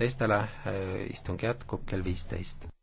teistele äh, istung jätkub kell viisteist.